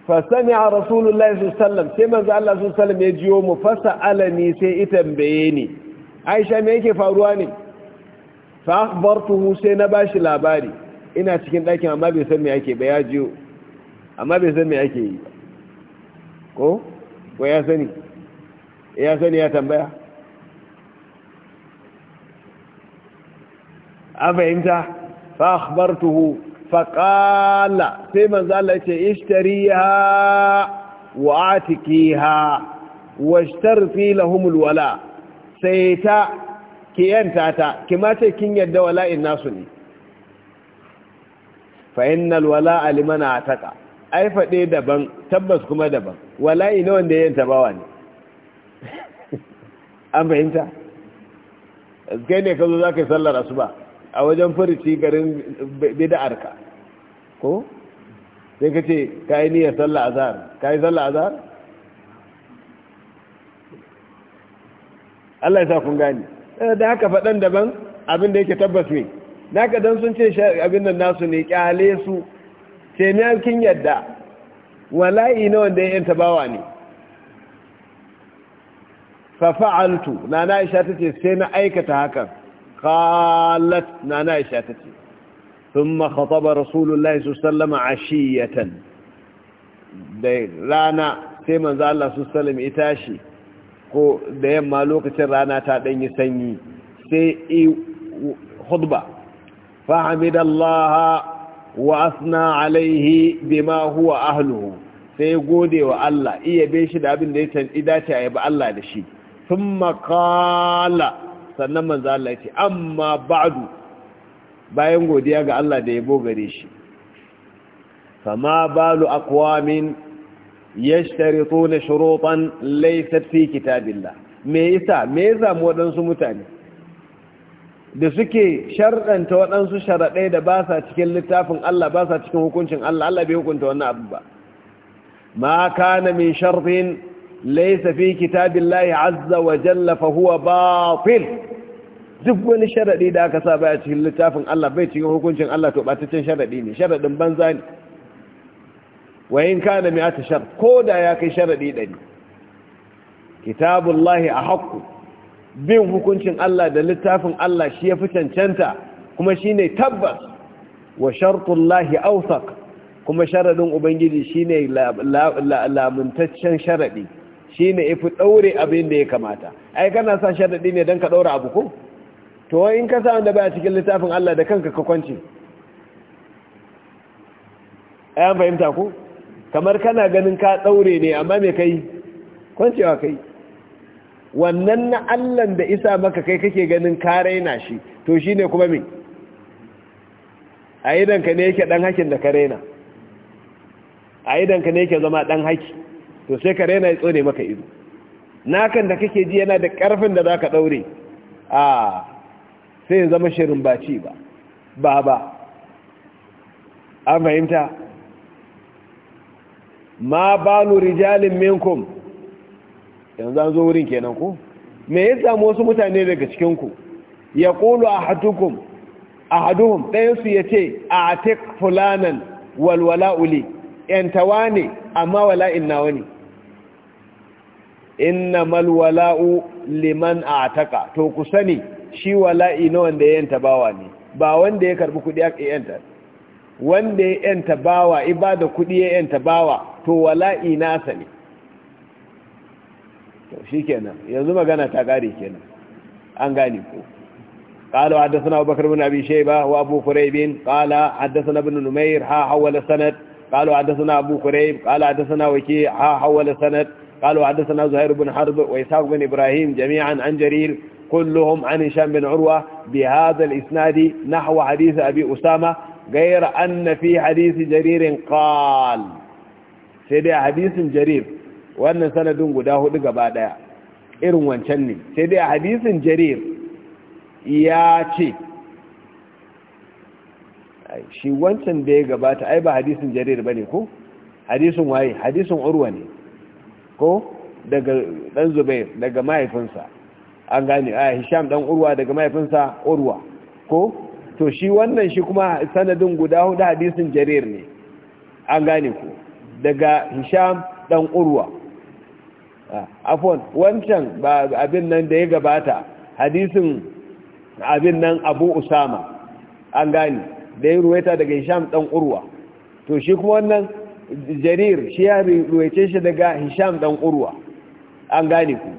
fa sami'a rasulullahi sallallahu alaihi wasallam sai manzo Allah sallallahu ya jiyo mu fasa alani sai ita tambaye ni Aisha me yake faruwa ne fa akhbartuhu sai na bashi labari ina cikin ɗakin amma bai san me ake ba ya jiyo amma bai san me ake yi ba ko ko ya sani ya sani ya tambaya a fahimta fa akhbartuhu fa qala sai manzo Allah ce ishtariha wa atikiha washtarfi lahum alwala sai ta kiyanta ta kima ce kin yadda wala'in nasu ne fa Ali mana liman ataka ai faɗe daban tabbas kuma daban wallahi na wanda yayin tabawa ne an fahimta kai ne ka zo za ka yi sallar asuba a wajen furici garin ka ko sai ka ce ka yi niyyar sallar azhar ka yi sallar azhar Allah ya sa kun gani eh, da haka faɗan daban abin da yake tabbas ne da ka don sun ce abin nan nasu ne kyale su ce ne kin yadda wala'i na wanda ya yanta bawa ne fafa'altu na na aisha ta ce sai na aikata hakan halat na na aisha ta ce thumma khataba rasulullahi sallallahu alaihi ashiyatan da rana sai manzo Allah sallallahu ita shi ko da yamma lokacin rana ta danyi sanyi sai hudba fa'amidallaha wa asna alaihi bima huwa ahluhu sai gode wa Allah iya be shi da abin da ya tanti dace a yaba Allah da shi thumma qala sannan manzo Allah ya amma ba'du bayan godiya ga Allah da yabo gare shi Kama balu aqwamin yashtarituna shurutan laysat fi kitabillah me yasa me yasa mu wadansu mutane da suke sharɗanta waɗansu sharaɗai da ba sa cikin littafin Allah ba sa cikin hukuncin Allah Allah bai hukunta wannan abu ba ma kana min sharɗin laysa fi kitabillahi azza wa jalla fa huwa batil duk wani sharaɗi da aka sa baya cikin littafin Allah bai cikin hukuncin Allah to batacin sharaɗi ne sharaɗin banza ne wa in kana mi'ata shar ko da ya kai sharaɗi ɗari kitabullahi a haƙƙo bin hukuncin Allah da littafin Allah shi ya fi cancanta kuma shi ne tabbas wa shartullahi ausak kuma sharaɗin ubangiji shi ne lamuntaccen sharaɗi shi ne ya fi ɗaure abin da ya kamata ai kana sa sharaɗi ne don ka ɗaura abu ko to in ka sa wanda baya cikin littafin Allah da kanka ka kwanci ayan fahimta ku? kamar kana ganin ka ɗaure ne amma me kai kwancewa kai wannan na allan da isa maka kai kake ganin ka raina shi to shi ne kuma mi a idanka ne yake dan hakin da ka raina a idanka ne yake zama dan haki to sai ka raina ya tsone maka ido nakan da kake ji yana da ƙarfin da za ka daure. a sai ya zama shirin baci ba ba ba an fahimta ma balu rijalin minkum yanzu an zo wurin kenan ku? me ya samu wasu mutane daga cikin ku ya qulu ahadukum ahaduhum ɗayan su yace atik fulanan walwala uli yantawa ne amma wala'in nawa ne innamal u liman a'taka to ku sani shi wala'i ina wanda ya yanta bawa ne ba wanda ya karbi kudi aka yanta wanda ya yanta bawa ibada kudi ya yanta bawa to wala'i ina sani. shi yanzu magana ta kare kenan an gane قالوا حدثنا أبو بكر بن أبي شيبة وأبو كريب قال حدثنا ابن نمير ها حول السند قالوا حدثنا أبو كريب قال حدثنا وكيع ها حول السند قالوا حدثنا زهير بن حرب وإسحاق بن إبراهيم جميعا عن جرير كلهم عن هشام بن عروة بهذا الإسناد نحو حديث أبي أسامة غير أن في حديث جرير قال سيدي حديث جرير wannan sanadin guda hudu gaba daya irin wancan ne sai dai hadisin jarir ya ce shi wancan da ya gabata ai ba hadisin jarir ba ne ko hadisin waye hadisin urwa ne ko daga dan zubair daga mahaifinsa an gane a hisham dan urwa daga mahaifinsa urwa ko to shi wannan shi kuma sanadin guda hudu hadisin jarir ne an gane ku daga hisham dan urwa Ah, afon wancan ba abin nan da ya gabata hadisin abin nan abu usama an gani da ya ruwaita daga hisham dan urwa to shi kuma wannan jarir shi ya ruwaice shi daga hisham dan urwa an gane ku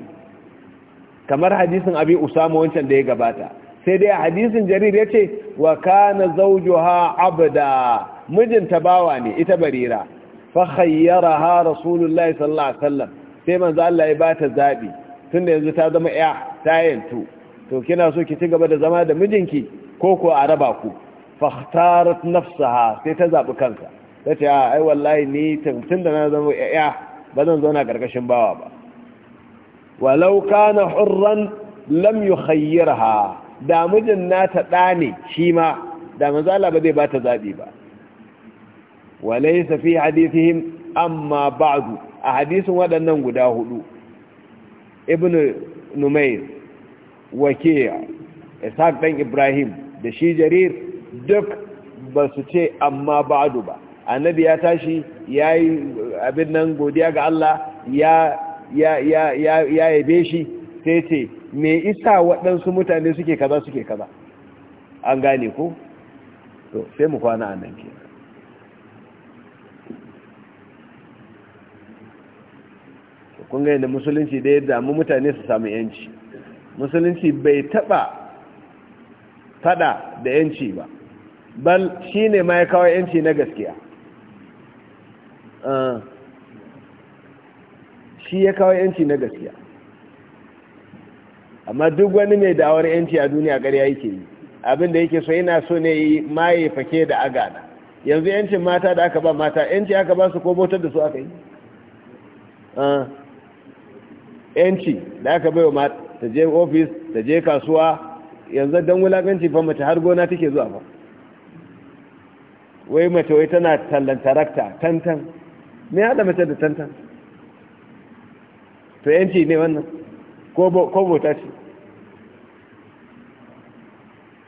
kamar hadisin abi usama wancan da ya gabata sai dai hadisin jarir ya ce wa kana zawjuha abda mijinta bawa ne ita barira fa khayyaraha rasulullahi sallallahu alaihi wasallam sai manzo Allah ya bata zabi tunda yanzu ta zama ya ta yantu to kina so ki ci gaba da zama da mijinki ko ko a raba ku fahtarat nafsaha sai ta zabi kanka tace a ah, ai wallahi ni tunda na zama 'ya'ya ba zan zauna karkashin bawa ba walau kana hurran lam yukhayyirha da mijin nata dane shi ma da manzo Allah ba zai bata zabi ba walaysa fi hadithihim amma ba'du a hadisin waɗannan guda hudu ibn numair wakiya isaac ɗan ibrahim da shi jarir duk ba su ce amma ba'du ba annabi ya tashi ya yi abin nan godiya ga Allah ya yabe shi sai ce me isa waɗansu mutane suke kaza suke kaza an gane ko to sai mu kwana a nan ke kun ga yadda musulunci da yadda damu mutane su samu yanci musulunci bai taba fada da yanci ba bal shi ne ma ya kawo yanci na gaskiya ah, shi ya kawo yanci na gaskiya amma duk wani mai da'awar yanci a duniya ƙarya yake yi abinda da yake so yana so ne yi maye fake da agana yanzu yancin mata da aka ba mata yanci aka ba su ko motar da su aka yi ah, yanci da aka bai wa ta je ofis ta je kasuwa yanzu don wulaganci fa mace har gona take zuwa fa wai mace wai tana tallan tarakta tantan me hada mace da tantan to yanci ne wannan ko bota ce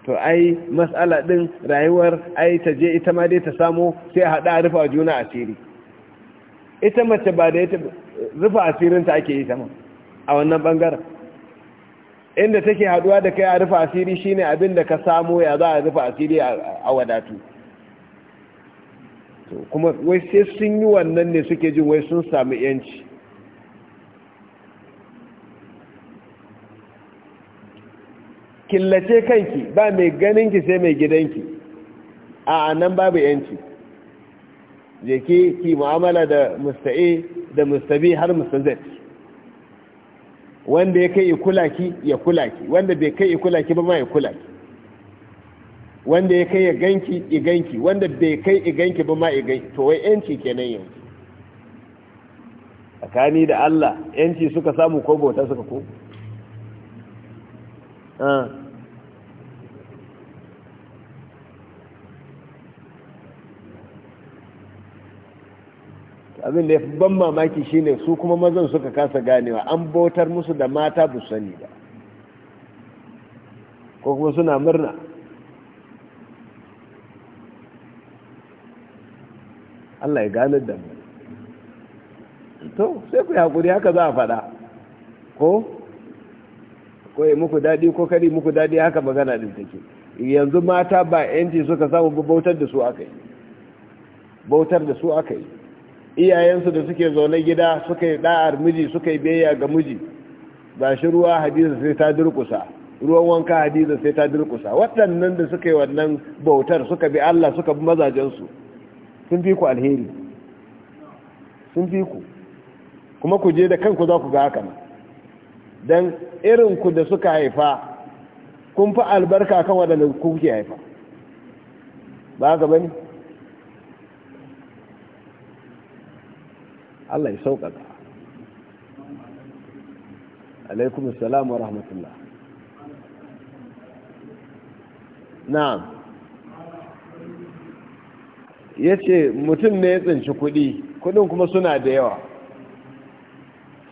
to ai matsala din rayuwar ai ta je ita ma dai ta samu sai hada rufa juna asiri ita mace ba da ita rufa asirinta ake yi ta ma a wannan bangaren inda take haduwa da kai a rufe asiri shine abin da ka samu ya za a rufe asiri a wadatu kuma wai sai sun yi wannan ne suke jin wai sun samu yanci killace kanki ba mai ganinki sai mai gidanki a nan babu yanci je ki mu'amala da musta'i da mustabi har mustanzati wanda ya kai ya kula ki ya kula ki wanda bai kai ya kula ki ba ma ya kula ki wanda ya kai ya ganki ya ganki wanda bai kai ya ganki ba ma ya ganki to wai yanci kenan yanzu tsakani da Allah yanci suka samu ko bauta suka ko ah. abin da ya fi ban mamaki shine su kuma mazan suka kasa ganewa an bautar musu da mata bu sani ba ko kuma suna murna Allah ya gane da mu to sai ku hakuri haka za a faɗa ko ko yi muku daɗi ko kari muku daɗi haka magana din take yanzu mata ba yanci suka samu bautar da su aka yi bautar da su aka yi iyayensu da suke zaune gida suka yi da'ar miji suka yi biyayya ga miji ba shi ruwa hadiza sai ta durkusa ruwan wanka hadiza sai ta durkusa waɗannan da suka yi wannan bautar suka bi Allah suka bi mazajensu sun fi ku alheri sun fi ku kuma ku je da kanku za ku ga haka don irinku da suka haifa kun fi albarka kan waɗanda kuke haifa ba haka ba ne Allah ya sauƙaƙa alaikum salam wa rahmatullah na'am ya ce mutum ne ya tsinci kuɗi kuɗin kuma suna da yawa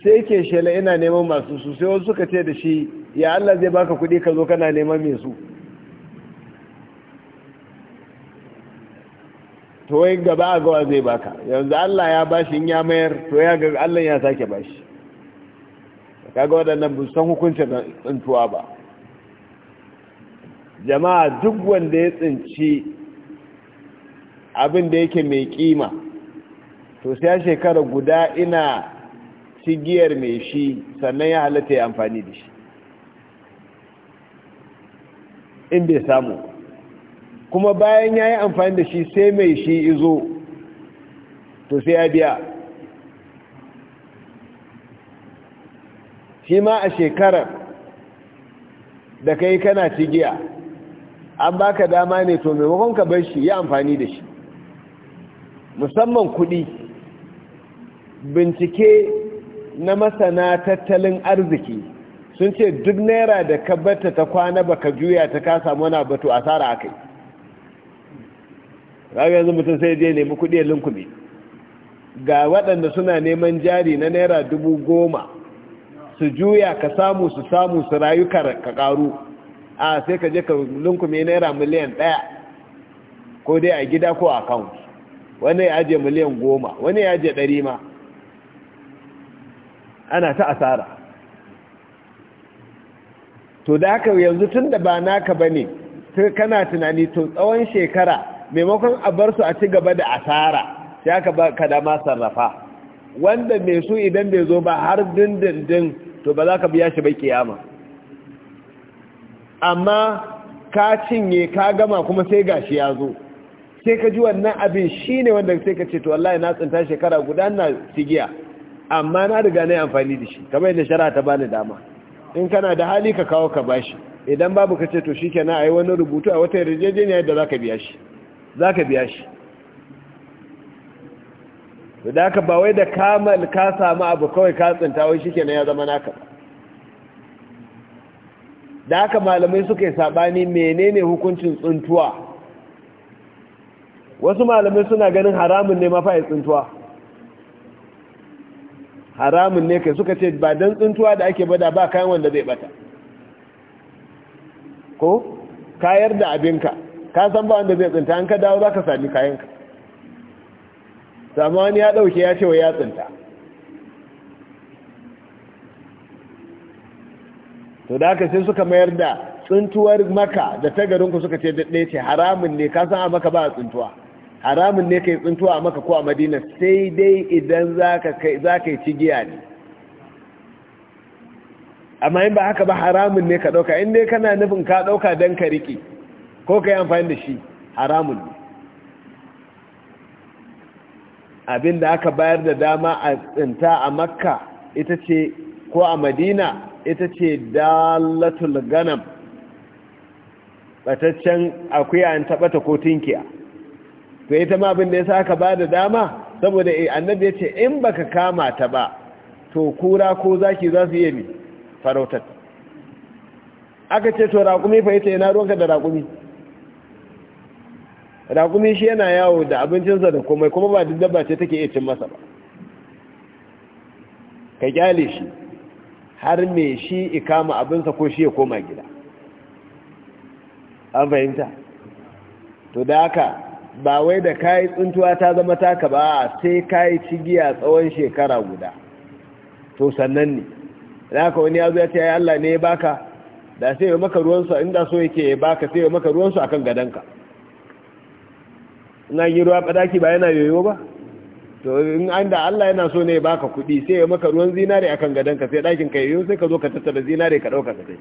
sai yake shela ina neman masu su sai wasu suka ce da shi ya Allah zai baka kuɗi ka zo kana neman mai su to wai gaba a gawa zai baka yanzu Allah ya bashi in ya mayar to ya ga Allah ya sake bashi kaga waɗannan busan san hukuncin tsintuwa ba jama'a duk wanda ya tsinci abin da yake mai kima to sai shekara guda ina cigiyar mai shi sannan ya halatta ya amfani da shi in bai samu kuma bayan ya yi amfani da shi sai mai shi izo to sai ya biya shi ma a shekarar da ka yi kana cigiya an baka dama ne to maimakon ka bar shi ya amfani da shi musamman kudi bincike na masana tattalin arziki sun ce duk naira da ka bata ta kwana baka juya ta mana bato a batu asara yi. kaga yanzu mutum sai je nemi kuɗi ya linkumi ga waɗanda suna neman jari na naira dubu goma su juya ka samu su samu su rayu ka ƙaru a sai ka je ka linkumi naira miliyan ɗaya ko dai a gida ko a account wani ya aje miliyan goma wani ya aje ɗari ma ana ta asara to da haka yanzu tun da ba naka ba ne kana tunani to tsawon shekara maimakon a bar su a ci gaba da asara sai aka ka dama sarrafa wanda mai su idan bai zo ba har dindindin to ba za ka biya shi ba kiyama amma ka cinye ka gama kuma sai gashi ya zo sai ka ji wannan abin shi ne wanda sai ka ce to wallahi na tsinta shekara guda na sigiya amma na riga na amfani da shi kamar yadda shara ta bani dama in kana da hali ka kawo ka bashi idan babu ka ce to shi kenan a yi wani rubutu a wata yarjejeniya da zaka biya shi za ka biya shi da haka ba wai da kamal ka samu abu kawai ka tsinta wai shi kenan ya zama naka da aka malamai suka yi saɓani menene hukuncin tsuntuwa wasu malamai suna ganin haramun ne mafa yi tsuntuwa haramun ne kai suka ce ba don tsuntuwa da ake bada ba kayan wanda zai bata ko kayar da abinka ka san ba wanda zai tsinta an ka dawo za ka sami kayanka sami wani ya ɗauke ya ce wa ya tsinta to da aka sai suka mayar da tsintuwar maka da ta garinku suka ce daɗe ce haramun ne ka san a maka ba a tsintuwa haramun ne ka yi tsintuwa a maka ko a madina sai dai idan za ka yi cigiya ne amma in ba haka ba haramun ne ka ɗauka in dai kana nufin ka ɗauka don ka riƙe ko ka yi amfani da shi haramun ne abin da aka bayar da dama a tsinta a makka ita ce ko a madina ita ce dalatul ganam bataccen akuya an taɓata ko tinkiya to ita ma abin da ya sa aka ba da dama saboda eh, annabi ya ce in baka kama ta ba to kura ko zaki za su yi farautar aka ce to raƙumi fa ita yana ruwanka da raƙumi raƙumi shi yana yawo da abincinsa da komai kuma ba duk dabba ce take iya cin masa ba ka kyale shi har me shi ikama abinsa ko shi ya koma gida an fahimta to da haka ba wai da kayi tsuntuwa ta zama taka ba sai kayi cigiya tsawon shekara guda to sannan ne da haka wani ya zo ya ce ya Allah ne ya baka da sai ya maka ruwansu inda so yake ya baka sai ya maka ruwansu akan gadonka na an yi ruwa ba yana yoyo ba to in an da Allah yana so ne ba baka kuɗi sai ya maka ruwan zinare akan gadonka sai ɗakin ka yoyo sai ka zo ka tattara zinare ka ɗauka ka kai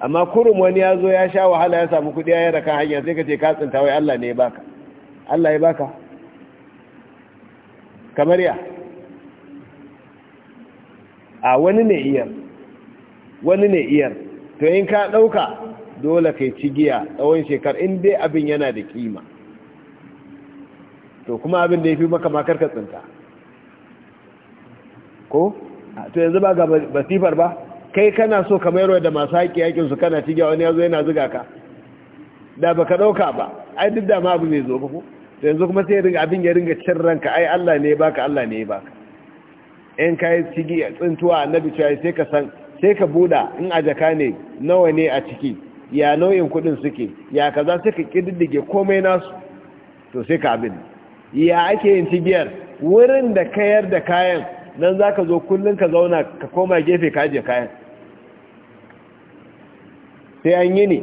amma kurum wani ya zo ya sha wahala ya samu kuɗi ya raka hanya sai ka ce ka tsinta wai Allah ne ya baka Allah ya baka kamar ya a wani ne iyar wani ne iyar to in ka ɗauka dole kai cigiya tsawon shekar in dai abin yana da kima to kuma abin da ya fi maka makar ka tsinta ko to yanzu ba ga basifar ba kai kana so ka mayar da masu haƙi yakin su kana cigiya wani yazo yana zuga ka da baka dauka ba ai duk da ma abu zai zo ba ko to yanzu kuma sai ringa abin ya ringa cin ranka ai Allah ne ya baka Allah ne ya baka in kai cigiya tsintuwa annabi cewa sai ka san sai ka buda in a jaka ne nawa ne a ciki ya nau'in kudin suke ya kaza sai ka kididdige komai nasu to sai ka abin ya ake yin cibiyar wurin da kayar da kayan nan za ka zo kullum ka zauna ka koma gefe ka ajiye kayan sai an yi ne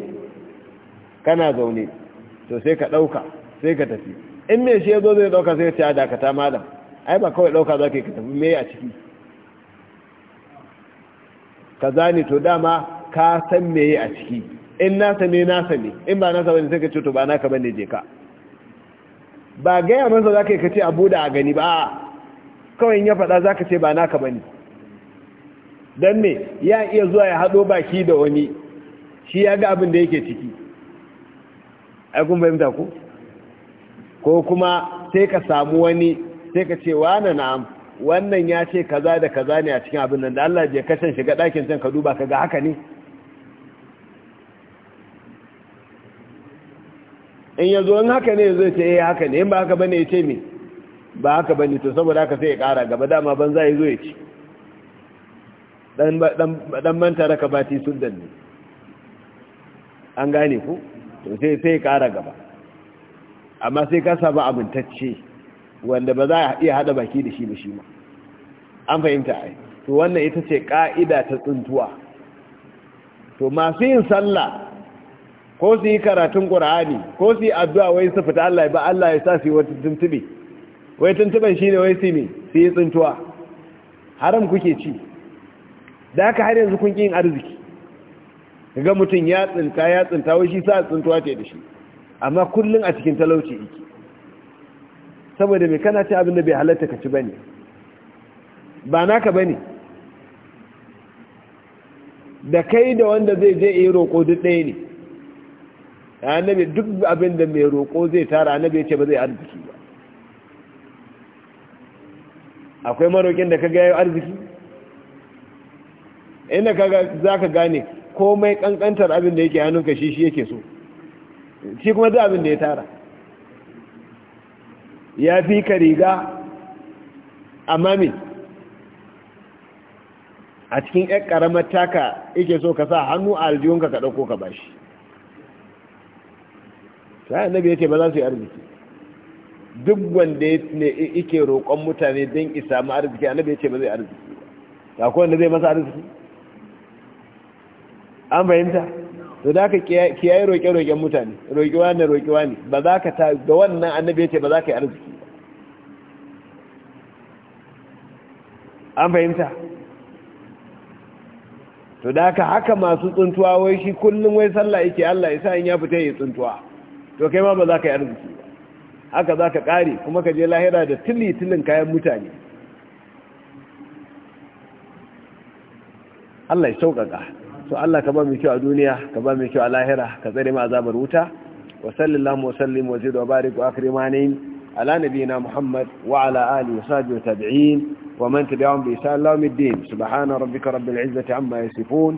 kana zaune to sai ka ɗauka sai ka tafi in mai shi ya zo zai ɗauka sai ya dakata malam ai ba kawai ɗauka za ka yi ka tafi mai a ciki ka zane to dama ka san mai a ciki in nasa ne nasa ne in ba nasa bane sai ka ce to ba naka bane je ka ba gaya manzo za ka yi ka abu da a gani ba kawai ya faɗa za ka ce ba naka ba ne don me ya iya zuwa ya haɗo baki da wani shi ya ga abin da yake ciki aikun fahimta ku? ko kuma sai ka samu wani sai ka ce wane na'am wannan ya ce kaza da kaza ne a cikin abin nan da Allah je kashin shiga ɗakin can ka duba ka ga haka ne in yanzu in haka ne zai ce ya eh, haka ne in ba haka bane ya ce me ba haka bane to saboda haka sai ya kara gaba dama a yi zo ya ci dan manta raka bati sundan ne an gane ku to sai sai ya kara gaba amma sai ka samu amintacce wanda ba za a iya hada baki da shi ba shi ma an fahimta ai to wannan ita ce ka'ida ta tsuntuwa to masu yin sallah ko su yi karatun ƙura'ani ko su yi addu'a wai su fita Allah ba Allah ya sa su yi wata tuntube wai tuntuben shi ne wai su ne su yi tsintuwa haram kuke ci da aka har yanzu kun ƙin arziki ga mutum ya tsinta ya tsinta wai shi sa tsintuwa ce da shi amma kullum a cikin talauci yake saboda mai kana ci abin da bai halatta ka ci bane ba naka bane da kai da wanda zai je iya roƙo duk ɗaya ne annabi duk abin da mai roƙo zai tara annabi ya ce ba zai arziki ba akwai maroƙin da ka gaya arziki inda za ka gane komai ƙanƙantar abin da yake hannunka shi shi yake so shi kuma za abin da ya tara ya fi ka riga a mami a cikin ƙaramar taka yake so ka sa hannu a aljihunka ka ɗauko ka bashi sai annabi ce ba za su yi arziki duk wanda ne yake roƙon mutane don isa ma arziki annabi ce ba zai arziki ba ko wanda zai masa arziki an fahimta to da ka kiyaye roƙe-roƙen mutane roƙewa ne roƙewa ne ba za ka ta ga wannan annabi ce ba za ka yi arziki ba an fahimta to da haka haka masu tsuntuwa wai shi kullum wai sallah yake Allah ya sa in ya fita ya tsuntuwa to kai ma ba za ka yi arziki ba haka za ka ƙare kuma ka je lahira da tili-tilin kayan mutane Allah ya sauƙaƙa so Allah ka ba mai kyau a duniya ka ba mai kyau a lahira ka tsare ma azabar wuta wa sallallahu wa sallim wa zid wa barik wa akrimani ala nabiyina Muhammad wa ala ali wa sahbihi wa tabi'in wa man tabi'ahum bi ihsan ila yawmiddin subhana rabbika rabbil izzati amma yasifun